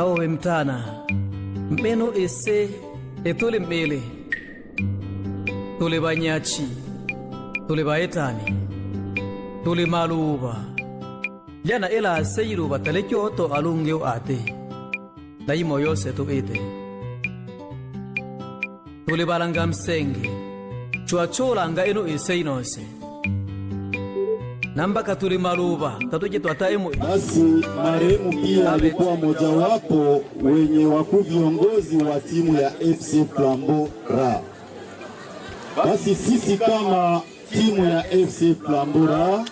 awo mtana mɓeno ese e tole mɓeele tole ba ñaaci tole ba tole maaluwuba yana ela seyiruba tale oto to ate aate yose to ete tole balangam senge cuwa coolanga eno ese seyinonse namba katuli maruba tatuje twataemu. Basi marehemu pia alikuwa mojawapo wenye wakuu viongozi wa timu ya FC Flambo Ra. Basi sisi kama timu ya FC Flambo Ra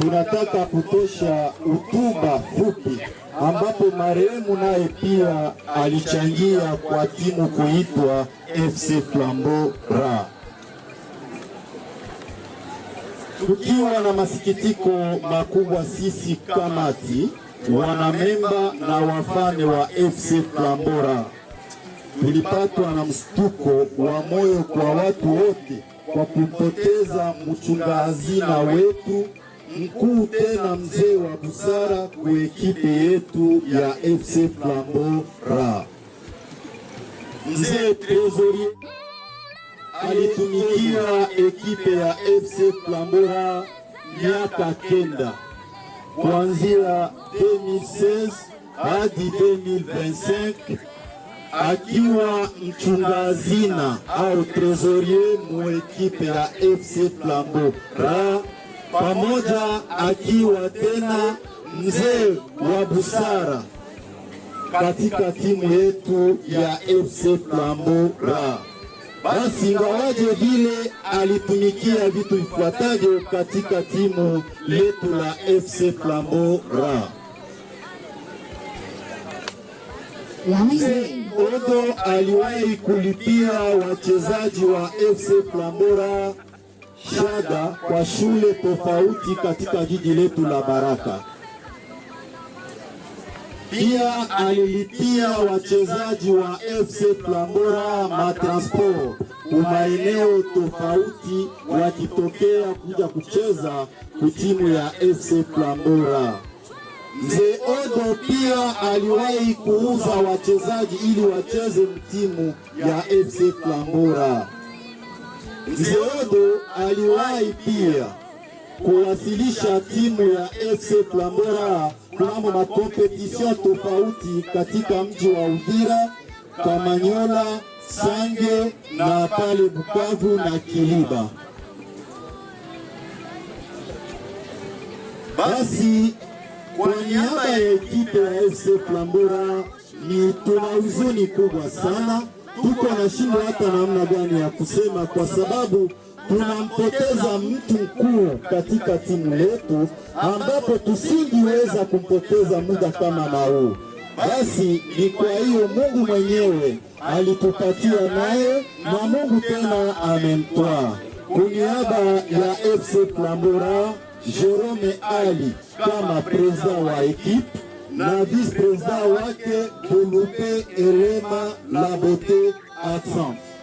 tunataka kutosha utuba fupi ambapo marehemu naye pia alichangia kwa timu kuitwa FC Flambo Ra tukiwa na masikitiko makubwa sisi kamati wanamemba na wafane wa FC Flambora tulipatwa na mshtuko wa moyo kwa watu wote kwa kupoteza mchunga hazina wetu mkuu tena mzee wa busara ekipe yetu ya FC Flambora mzee Trezorier alitumikia ekipe ya FC Flambora miaka kenda kuanzia 2016 hadi 2025 akiwa mchungazina au trezorie mwekipe ya FC Flambora, pamoja akiwa tena mzee wa busara katika timu yetu ya FC Flambora basi ngawaje vile alitumikia vitu vifuatavyo katika timu letu la FC Flambeau Ra. Odo aliwahi kulipia wachezaji wa FC flambora shada kwa shule tofauti katika jiji letu la Baraka. Pia alilipia wachezaji wa FC Flambora matransport maeneo tofauti wakitokea kuja kucheza kutimu ya FC Flambora. Mzee Odo pia aliwahi kuuza wachezaji ili wacheze mtimu ya FC Flambora. Mzee Odo aliwahi pia kuwasilisha timu ya FC Flambera kunamo makompetision tofauti katika mji wa Uvira, Kamanyola, Sange na pale Bukavu na Kiliba. Basi kwa niaba ya ekipe ya FC Flambera ni tuna huzuni kubwa sana tuko na hata namna gani ya kusema, kwa sababu tunampoteza mtu mkuu katika timu letu, ambapo tusingiweza kumpoteza muda kama na huu. Basi ni kwa hiyo Mungu mwenyewe alitupatia naye na Mungu tena amemtwaa. Kuniaba ya FC Plambora, Jerome Ali kama prezida wa ekipe La vice-président wake Bolope la beauté absente.